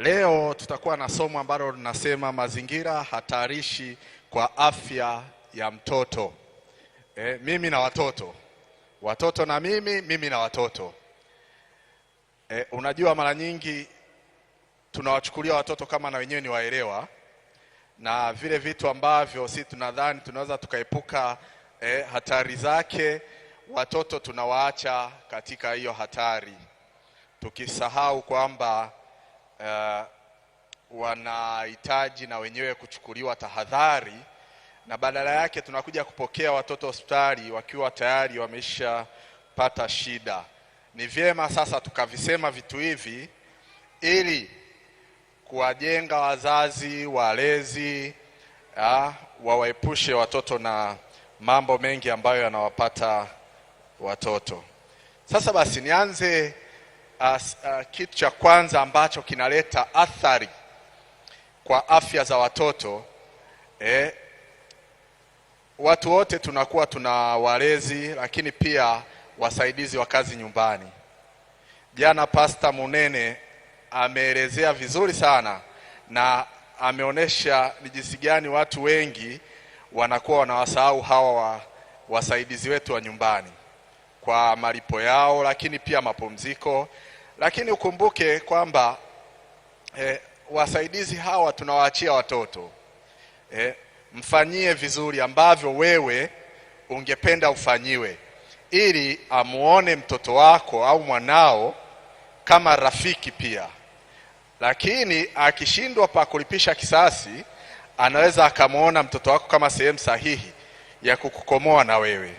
Leo tutakuwa na somo ambalo linasema mazingira hatarishi kwa afya ya mtoto. E, mimi na watoto, watoto na mimi, mimi na watoto. E, unajua mara nyingi tunawachukulia watoto kama na wenyewe ni waelewa na vile vitu ambavyo si tunadhani tunaweza tukaepuka e, hatari zake, watoto tunawaacha katika hiyo hatari tukisahau kwamba uh, wanahitaji na wenyewe kuchukuliwa tahadhari, na badala yake tunakuja kupokea watoto hospitali wakiwa tayari wameshapata shida. Ni vyema sasa tukavisema vitu hivi ili kuwajenga wazazi walezi, uh, wawaepushe watoto na mambo mengi ambayo yanawapata watoto. Sasa basi nianze uh, uh, kitu cha kwanza ambacho kinaleta athari kwa afya za watoto eh, watu wote tunakuwa tuna walezi lakini pia wasaidizi wa kazi nyumbani. Jana Pasta Munene ameelezea vizuri sana na ameonyesha ni jinsi gani watu wengi wanakuwa wanawasahau hawa wa, wasaidizi wetu wa nyumbani kwa malipo yao, lakini pia mapumziko lakini ukumbuke kwamba eh, wasaidizi hawa tunawaachia watoto eh, mfanyie vizuri ambavyo wewe ungependa ufanyiwe, ili amuone mtoto wako au mwanao kama rafiki pia. Lakini akishindwa pa kulipisha kisasi, anaweza akamwona mtoto wako kama sehemu sahihi ya kukukomoa na wewe.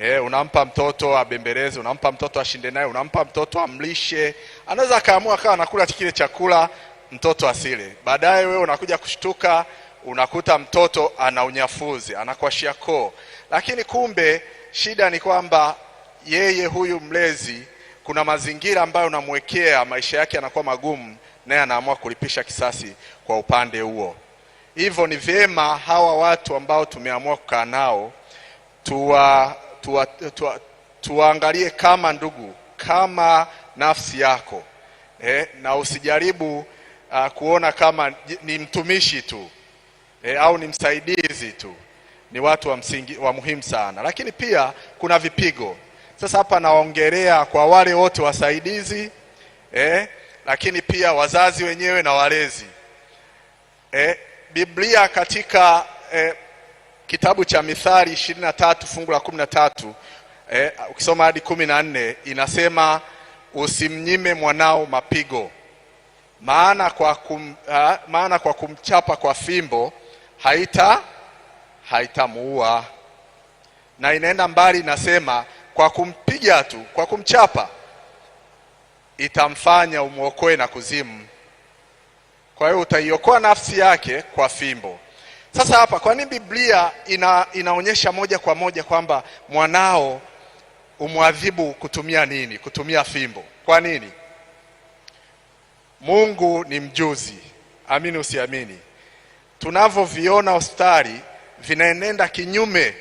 E, unampa mtoto abembeleze, unampa mtoto ashinde naye, unampa mtoto amlishe. Anaweza akaamua akawa anakula kile chakula mtoto asile. Baadaye wewe unakuja kushtuka, unakuta mtoto ana unyafuzi, anakwashia koo. Lakini kumbe shida ni kwamba yeye huyu mlezi, kuna mazingira ambayo unamwekea, maisha yake yanakuwa magumu, naye anaamua kulipisha kisasi kwa upande huo. Hivyo ni vyema hawa watu ambao tumeamua kukaa nao tuwa tuwa, tuwa, tuangalie kama ndugu, kama nafsi yako eh, na usijaribu uh, kuona kama ni mtumishi tu eh, au ni msaidizi tu. Ni watu wa msingi, wa muhimu sana, lakini pia kuna vipigo. Sasa hapa naongelea kwa wale wote wasaidizi eh, lakini pia wazazi wenyewe na walezi eh, Biblia katika eh, kitabu cha Mithali 23 na tatu fungu la kumi na tatu eh, ukisoma hadi kumi na nne inasema usimnyime mwanao mapigo maana kwa, kum, ha, ah, maana kwa kumchapa kwa fimbo haita haitamuua. Na inaenda mbali inasema kwa kumpiga tu, kwa kumchapa itamfanya umwokoe na kuzimu. Kwa hiyo utaiokoa nafsi yake kwa fimbo sasa hapa kwa nini Biblia ina, inaonyesha moja kwa moja kwamba mwanao umwadhibu kutumia nini? Kutumia fimbo. Kwa nini? Mungu ni mjuzi, amini usiamini. Tunavyoviona hospitali vinaenenda kinyume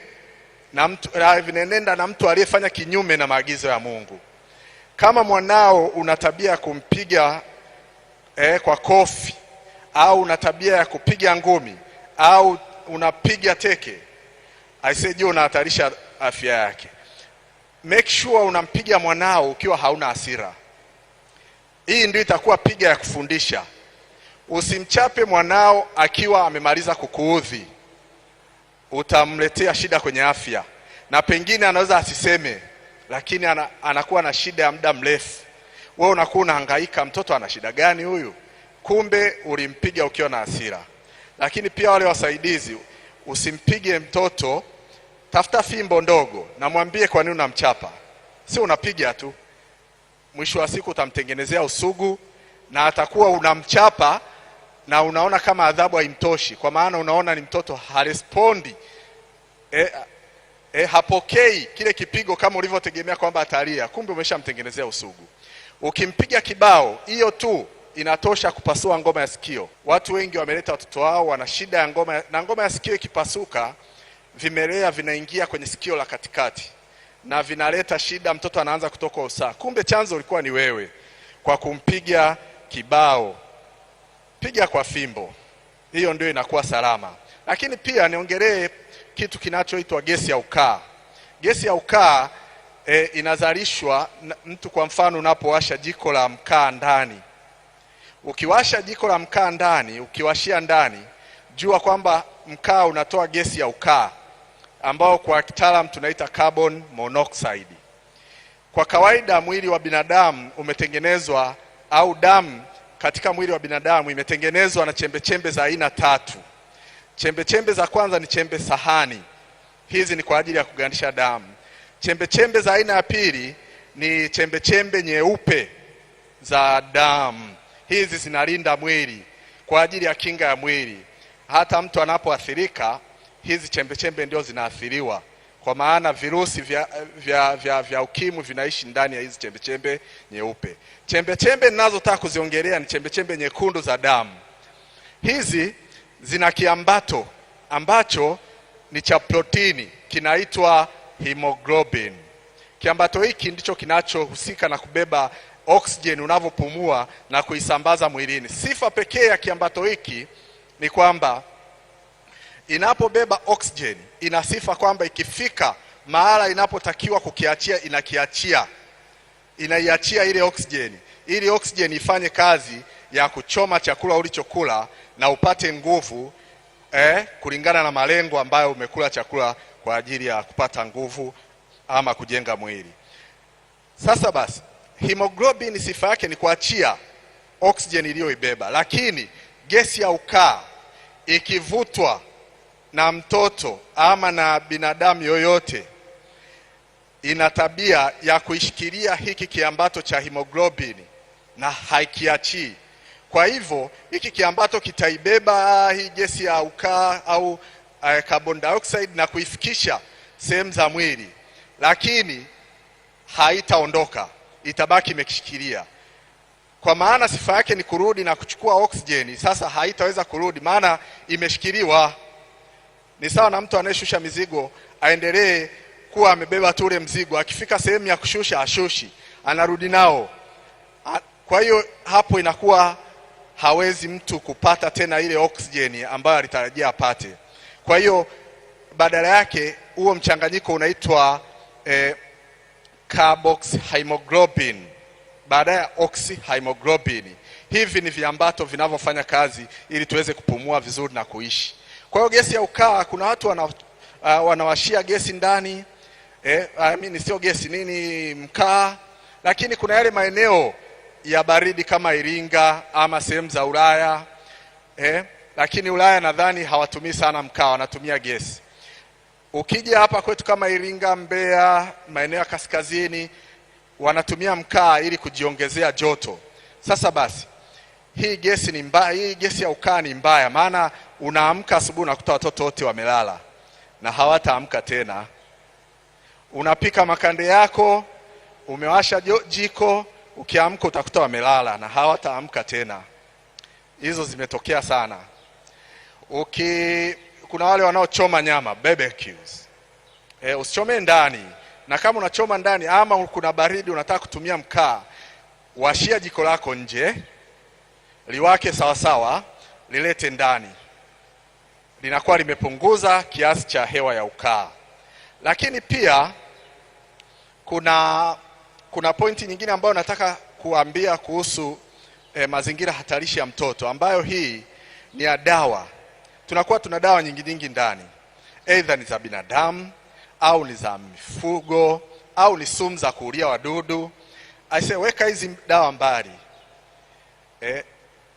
na mtu, eh, vinaenenda na mtu aliyefanya kinyume na maagizo ya Mungu. Kama mwanao una tabia ya kumpiga eh, kwa kofi au una tabia ya kupiga ngumi au unapiga teke aisee, unahatarisha afya yake? Make sure unampiga mwanao ukiwa hauna hasira. Hii ndio itakuwa piga ya kufundisha. Usimchape mwanao akiwa amemaliza kukuudhi, utamletea shida kwenye afya, na pengine anaweza asiseme, lakini ana, anakuwa na shida ya muda mrefu. Wewe unakuwa unahangaika, mtoto ana shida gani huyu? Kumbe ulimpiga ukiwa na hasira. Lakini pia wale wasaidizi, usimpige mtoto, tafuta fimbo ndogo na mwambie kwa nini unamchapa, si unapiga tu. Mwisho wa siku utamtengenezea usugu na atakuwa unamchapa na unaona kama adhabu haimtoshi, kwa maana unaona ni mtoto harespondi, e, e, hapokei kile kipigo kama ulivyotegemea kwamba atalia, kumbe umeshamtengenezea usugu. Ukimpiga kibao hiyo tu inatosha kupasua ngoma ya sikio. Watu wengi wameleta watoto wao, wana shida ya ngoma, na ngoma ya sikio ikipasuka, vimelea vinaingia kwenye sikio la katikati na vinaleta shida, mtoto anaanza kutoka usaha. Kumbe chanzo ulikuwa ni wewe, kwa kumpiga kibao. Piga kwa fimbo, hiyo ndio inakuwa salama. Lakini pia niongelee kitu kinachoitwa gesi ya ukaa. Gesi ya ukaa e, inazalishwa mtu, kwa mfano unapowasha jiko la mkaa ndani Ukiwasha jiko la mkaa ndani, ukiwashia ndani, jua kwamba mkaa unatoa gesi ya ukaa ambao kwa kitaalamu tunaita carbon monoxide. Kwa kawaida mwili wa binadamu umetengenezwa au damu katika mwili wa binadamu imetengenezwa na chembe chembe za aina tatu. chembe chembe za kwanza ni chembe sahani, hizi ni kwa ajili ya kugandisha damu. chembe chembe za aina ya pili ni chembe chembe nyeupe za damu hizi zinalinda mwili kwa ajili ya kinga ya mwili. Hata mtu anapoathirika, hizi chembechembe ndio zinaathiriwa, kwa maana virusi vya, vya, vya, vya ukimwi vinaishi ndani ya hizi chembechembe nyeupe. Chembechembe ninazotaka kuziongelea ni chembechembe nyekundu za damu. Hizi zina kiambato ambacho ni cha protini kinaitwa hemoglobin. Kiambato hiki ndicho kinachohusika na kubeba oksijeni unavyopumua na kuisambaza mwilini. Sifa pekee ya kiambato hiki ni kwamba inapobeba oksijeni ina sifa kwamba ikifika mahala inapotakiwa kukiachia inakiachia, inaiachia ile oksijeni ili oksijeni ifanye kazi ya kuchoma chakula ulichokula na upate nguvu eh, kulingana na malengo ambayo umekula chakula kwa ajili ya kupata nguvu ama kujenga mwili. Sasa basi Hemoglobin sifa yake ni kuachia oksijeni iliyoibeba, lakini gesi ya ukaa ikivutwa na mtoto ama na binadamu yoyote, ina tabia ya kuishikilia hiki kiambato cha hemoglobin na haikiachii. Kwa hivyo hiki kiambato kitaibeba hii gesi ya ukaa au uh, carbon dioxide na kuifikisha sehemu za mwili, lakini haitaondoka itabaki imekishikilia, kwa maana sifa yake ni kurudi na kuchukua oksijeni. Sasa haitaweza kurudi, maana imeshikiliwa. Ni sawa na mtu anayeshusha mizigo aendelee kuwa amebeba tu ule mzigo, akifika sehemu ya kushusha ashushi, anarudi nao. Kwa hiyo hapo inakuwa hawezi mtu kupata tena ile oksijeni ambayo alitarajia apate. Kwa hiyo badala yake huo mchanganyiko unaitwa eh, carboxyhemoglobin, baadaye oxyhemoglobin. Hivi ni viambato vinavyofanya kazi ili tuweze kupumua vizuri na kuishi. Kwa hiyo gesi ya ukaa, kuna watu wana, uh, wanawashia gesi ndani eh, I mean, sio gesi nini, mkaa, lakini kuna yale maeneo ya baridi kama Iringa ama sehemu za Ulaya eh, lakini Ulaya nadhani hawatumii sana mkaa, wanatumia gesi. Ukija hapa kwetu kama Iringa, Mbeya, maeneo ya kaskazini wanatumia mkaa ili kujiongezea joto. Sasa basi hii gesi ni mbaya, hii gesi ya ukaa ni mbaya, maana unaamka asubuhi unakuta watoto wote wamelala na hawataamka tena. Unapika makande yako, umewasha jiko, ukiamka utakuta wamelala na hawataamka tena. Hizo zimetokea sana uki kuna wale wanaochoma nyama barbecues. E, eh, usichome ndani, na kama unachoma ndani ama kuna baridi unataka kutumia mkaa, washia jiko lako nje, liwake sawasawa, lilete ndani, linakuwa limepunguza kiasi cha hewa ya ukaa. Lakini pia kuna kuna pointi nyingine ambayo nataka kuambia kuhusu eh, mazingira hatarishi ya mtoto ambayo hii ni ya dawa tunakuwa tuna dawa nyingi nyingi ndani, aidha ni za binadamu au ni za mifugo au ni sumu za kuulia wadudu. Aise, weka hizi dawa mbali. E,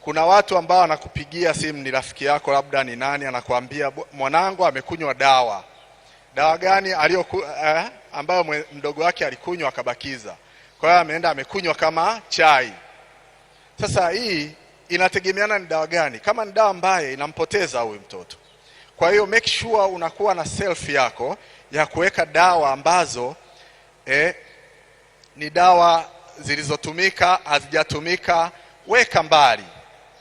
kuna watu ambao anakupigia simu, ni rafiki yako labda ni nani, anakuambia mwanangu amekunywa dawa. Dawa gani aliyoku, eh, ambayo mdogo wake alikunywa akabakiza, kwa hiyo ameenda amekunywa kama chai. Sasa hii inategemeana ni dawa gani. Kama ni dawa mbaya inampoteza huyu mtoto. Kwa hiyo make sure unakuwa na self yako ya kuweka dawa ambazo eh, ni dawa zilizotumika hazijatumika, weka mbali.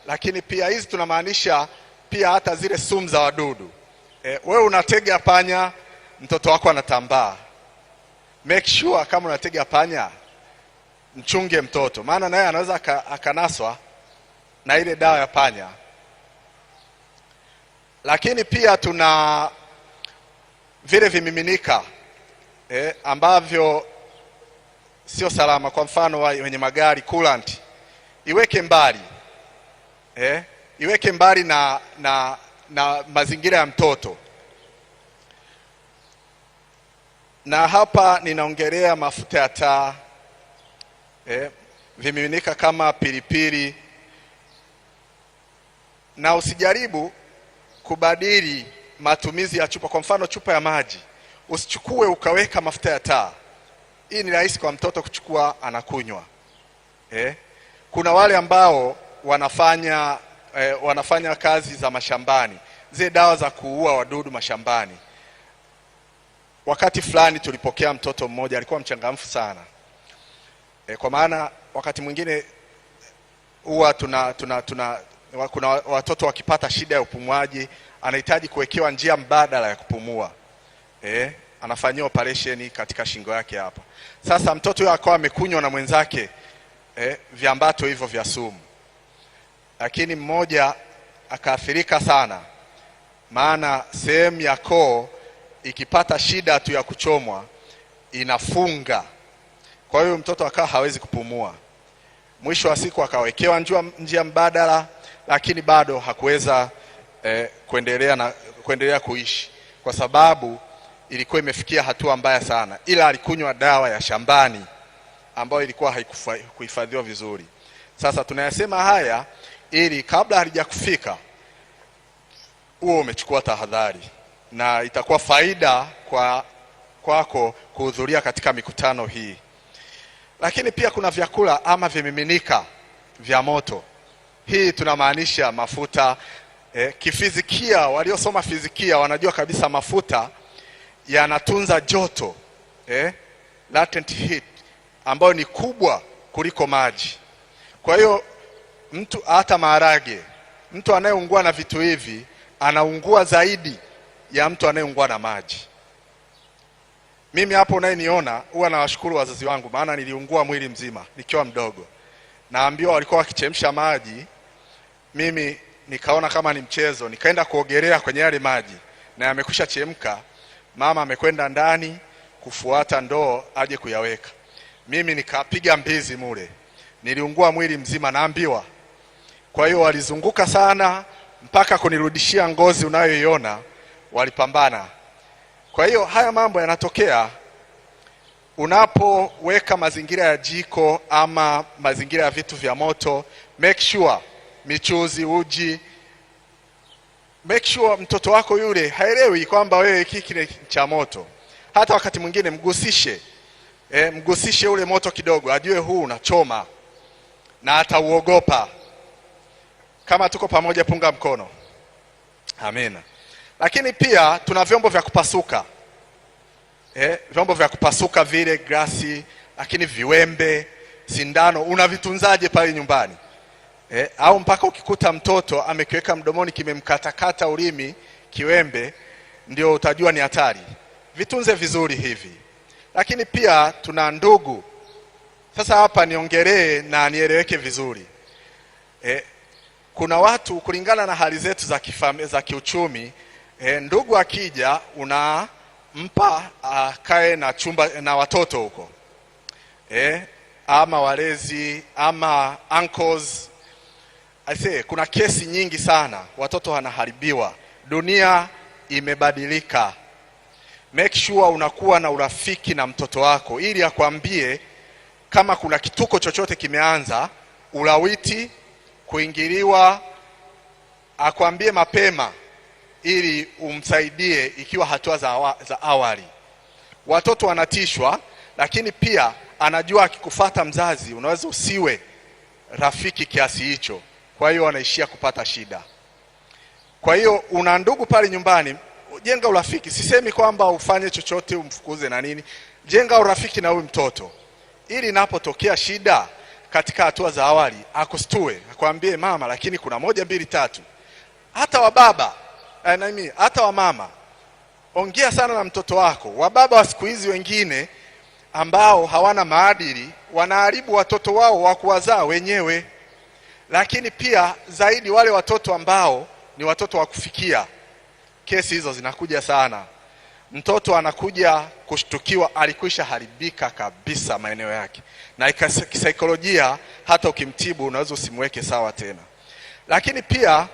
Lakini pia hizi tunamaanisha pia hata zile sumu za wadudu eh, wewe unatega panya, mtoto wako anatambaa. Make sure kama unatega panya, mchunge mtoto, maana naye anaweza akanaswa na ile dawa ya panya, lakini pia tuna vile vimiminika eh, ambavyo sio salama. Kwa mfano wenye magari coolant iweke mbali eh, iweke mbali na, na, na mazingira ya mtoto na hapa ninaongelea mafuta ya taa eh, vimiminika kama pilipili na usijaribu kubadili matumizi ya chupa. Kwa mfano chupa ya maji usichukue ukaweka mafuta ya taa. Hii ni rahisi kwa mtoto kuchukua anakunywa. Eh, kuna wale ambao wanafanya eh, wanafanya kazi za mashambani, zile dawa za kuua wadudu mashambani. Wakati fulani tulipokea mtoto mmoja alikuwa mchangamfu sana eh, kwa maana wakati mwingine huwa tuna, tuna, tuna kuna watoto wakipata shida ya upumuaji, anahitaji kuwekewa njia mbadala ya kupumua eh, anafanyia operation katika shingo yake hapa. Sasa mtoto huyo akawa amekunywa na mwenzake eh, viambato hivyo vya sumu, lakini mmoja akaathirika sana, maana sehemu ya koo ikipata shida tu ya kuchomwa inafunga, kwa hiyo mtoto akawa hawezi kupumua. Mwisho wa siku akawekewa njia mbadala lakini bado hakuweza eh, kuendelea, na, kuendelea kuishi kwa sababu ilikuwa imefikia hatua mbaya sana, ila alikunywa dawa ya shambani ambayo ilikuwa haikuhifadhiwa vizuri. Sasa tunayasema haya ili kabla halijakufika huo umechukua tahadhari, na itakuwa faida kwa kwako kuhudhuria katika mikutano hii. Lakini pia kuna vyakula ama vimiminika vya moto hii tunamaanisha mafuta eh, kifizikia. Waliosoma fizikia wanajua kabisa mafuta yanatunza joto eh, latent heat ambayo ni kubwa kuliko maji. Kwa hiyo mtu hata maharage, mtu anayeungua na vitu hivi anaungua zaidi ya mtu anayeungua na maji. Mimi hapo unayeniona, huwa nawashukuru wazazi wangu, maana niliungua mwili mzima nikiwa mdogo. Naambiwa walikuwa wakichemsha maji mimi nikaona kama ni mchezo, nikaenda kuogelea kwenye yale maji na yamekwisha chemka. Mama amekwenda ndani kufuata ndoo aje kuyaweka, mimi nikapiga mbizi mule, niliungua mwili mzima, naambiwa. Kwa hiyo walizunguka sana mpaka kunirudishia ngozi unayoiona, walipambana. Kwa hiyo haya mambo yanatokea unapoweka mazingira ya jiko ama mazingira ya vitu vya moto, make sure michuzi, uji. Make sure mtoto wako yule haelewi kwamba wewe kiki ni cha moto. Hata wakati mwingine mgusishe e, mgusishe ule moto kidogo, ajue huu unachoma na atauogopa. Kama tuko pamoja, punga mkono. Amina. Lakini pia tuna vyombo vya kupasuka e, vyombo vya kupasuka vile, grasi lakini viwembe, sindano. Unavitunzaje pale nyumbani? eh, au mpaka ukikuta mtoto amekiweka mdomoni kimemkatakata ulimi kiwembe, ndio utajua ni hatari. Vitunze vizuri hivi. Lakini pia tuna ndugu. Sasa hapa niongelee na nieleweke vizuri eh, kuna watu kulingana na hali zetu za kifamilia za kiuchumi eh, ndugu akija unampa akae ah, na chumba na watoto huko eh, ama walezi ama uncles Aisee, kuna kesi nyingi sana, watoto wanaharibiwa. Dunia imebadilika. Make sure unakuwa na urafiki na mtoto wako, ili akwambie kama kuna kituko chochote kimeanza, ulawiti, kuingiliwa, akwambie mapema, ili umsaidie ikiwa hatua za awali. Watoto wanatishwa, lakini pia anajua akikufata mzazi, unaweza usiwe rafiki kiasi hicho kwa hiyo wanaishia kupata shida. Kwa hiyo una ndugu pale nyumbani, jenga urafiki. Sisemi kwamba ufanye chochote umfukuze na nini, jenga urafiki na huyu mtoto, ili inapotokea shida katika hatua za awali akustue, akwambie mama, lakini kuna moja mbili tatu. Hata wa baba eh, mimi, hata wamama, ongea sana na mtoto wako. Wababa wa siku hizi wengine ambao hawana maadili wanaharibu watoto wao wa kuwazaa wenyewe lakini pia zaidi wale watoto ambao ni watoto wa kufikia. Kesi hizo zinakuja sana, mtoto anakuja kushtukiwa alikwisha haribika kabisa maeneo yake, na kisaikolojia hata ukimtibu unaweza usimweke sawa tena. Lakini pia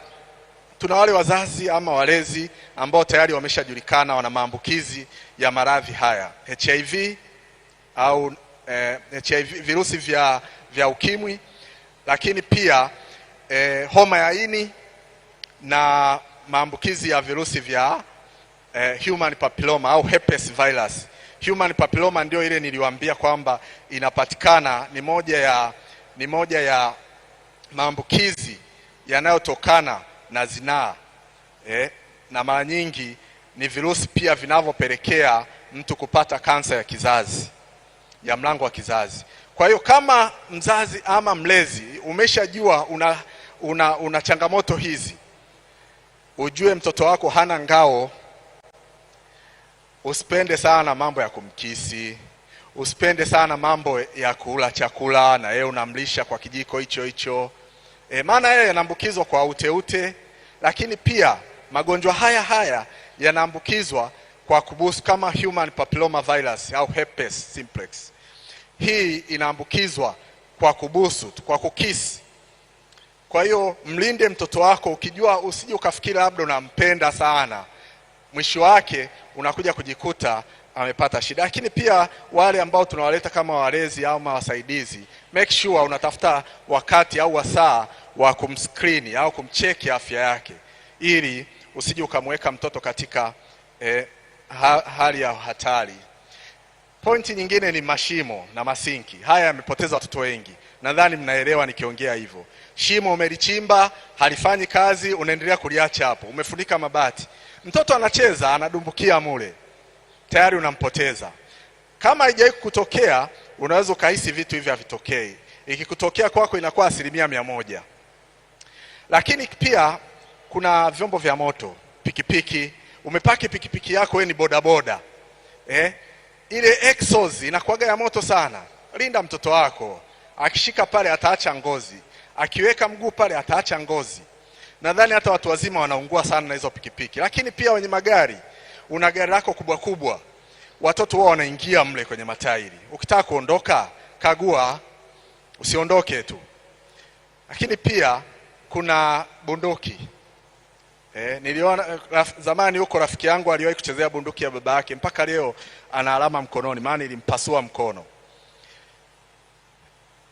tuna wale wazazi ama walezi ambao tayari wameshajulikana wana maambukizi ya maradhi haya HIV au eh, HIV, virusi vya, vya ukimwi lakini pia eh, homa ya ini na maambukizi ya virusi vya eh, human papilloma au herpes virus. Human papilloma ndio ile niliwaambia kwamba inapatikana, ni moja ya, ni moja ya maambukizi yanayotokana na zinaa eh, na mara nyingi ni virusi pia vinavyopelekea mtu kupata kansa ya kizazi ya mlango wa kizazi. Kwa hiyo kama mzazi ama mlezi umeshajua una, una, una changamoto hizi, ujue mtoto wako hana ngao. Usipende sana mambo ya kumkisi, usipende sana mambo ya kula chakula na yeye unamlisha kwa kijiko hicho hicho e, maana yeye yanaambukizwa kwa uteute, lakini pia magonjwa haya haya yanaambukizwa kwa kubusu kama human papilloma virus au herpes simplex hii inaambukizwa kwa kubusu, kwa kukisi. Kwa hiyo mlinde mtoto wako, ukijua, usije ukafikiri labda unampenda sana, mwisho wake unakuja kujikuta amepata shida. Lakini pia wale ambao tunawaleta kama walezi ama wasaidizi, make sure unatafuta wakati au wasaa wa kumskrini au kumcheki afya yake, ili usije ukamweka mtoto katika eh, hali ya hatari. Pointi nyingine ni mashimo na masinki. Haya yamepoteza watoto wengi, nadhani mnaelewa nikiongea hivyo. Shimo umelichimba halifanyi kazi, unaendelea kuliacha hapo, umefunika mabati, mtoto anacheza anadumbukia mule, tayari unampoteza. Kama haijawahi kutokea, unaweza ukahisi vitu hivi havitokei. Ikikutokea kwako inakuwa asilimia mia moja. Lakini pia kuna vyombo vya moto, pikipiki. Umepaki pikipiki yako, wewe ni bodaboda eh? ile exos inakuaga ya moto sana. Linda mtoto wako, akishika pale ataacha ngozi, akiweka mguu pale ataacha ngozi. Nadhani hata watu wazima wanaungua sana na hizo pikipiki, lakini pia wenye magari, una gari lako kubwa kubwa, watoto wao wanaingia mle kwenye matairi. Ukitaka kuondoka, kagua, usiondoke tu. Lakini pia kuna bunduki Eh, niliona eh, raf, zamani huko rafiki yangu aliwahi kuchezea bunduki ya baba yake mpaka leo ana alama mkononi, maana ilimpasua mkono.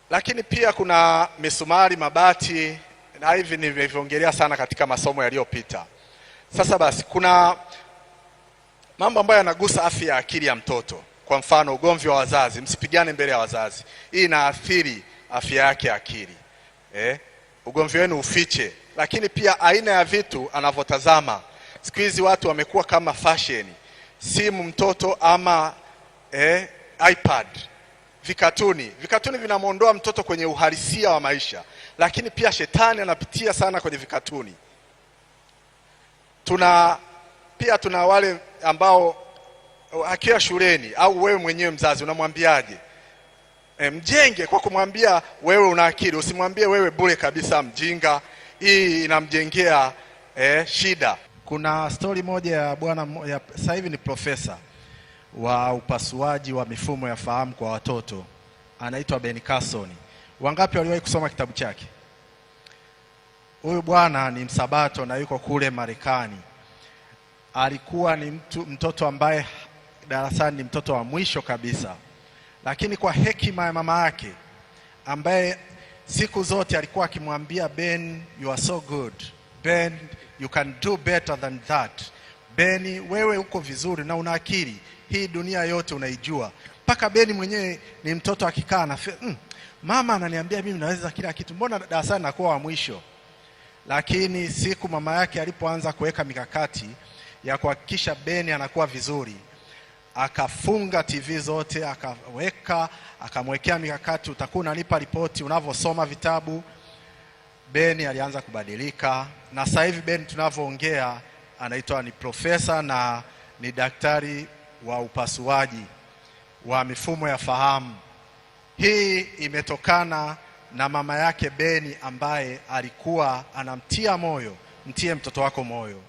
Lakini pia kuna misumari, mabati na hivi nimeviongelea sana katika masomo yaliyopita. Sasa basi, kuna mambo ambayo yanagusa afya ya akili ya mtoto. Kwa mfano, ugomvi wa wazazi, msipigane mbele ya wazazi, hii inaathiri afya yake ya akili. Eh, ugomvi wenu ufiche lakini pia aina ya vitu anavyotazama. Siku hizi watu wamekuwa kama fashion, simu mtoto ama eh, iPad, vikatuni. Vikatuni vinamwondoa mtoto kwenye uhalisia wa maisha, lakini pia shetani anapitia sana kwenye vikatuni. Tuna pia tuna wale ambao akiwa shuleni au wewe mwenyewe mzazi unamwambiaje? E, mjenge kwa kumwambia wewe una akili, usimwambie wewe bure kabisa mjinga hii inamjengea eh, shida. Kuna stori moja ya bwana sasa hivi ni profesa wa upasuaji wa mifumo ya fahamu kwa watoto, anaitwa Ben Carson. Wangapi waliwahi kusoma kitabu chake? Huyu bwana ni msabato na yuko kule Marekani. Alikuwa ni mtu, mtoto ambaye darasani ni mtoto wa mwisho kabisa, lakini kwa hekima ya mama yake ambaye Siku zote alikuwa akimwambia Ben, you are so good. Ben, you can do better than that. ben wewe uko vizuri na una akili, hii dunia yote unaijua. Mpaka ben mwenyewe ni mtoto akikaa na mm, mama ananiambia mimi naweza kila kitu, mbona darasani nakuwa wa mwisho? Lakini siku mama yake alipoanza kuweka mikakati ya kuhakikisha ben anakuwa vizuri akafunga TV zote akaweka, akamwekea mikakati, utakuwa unanipa ripoti unavyosoma vitabu. ben alianza kubadilika, na sasa hivi ben tunavyoongea anaitwa ni profesa na ni daktari wa upasuaji wa mifumo ya fahamu. Hii imetokana na mama yake Beni ambaye alikuwa anamtia moyo, mtie mtoto wako moyo.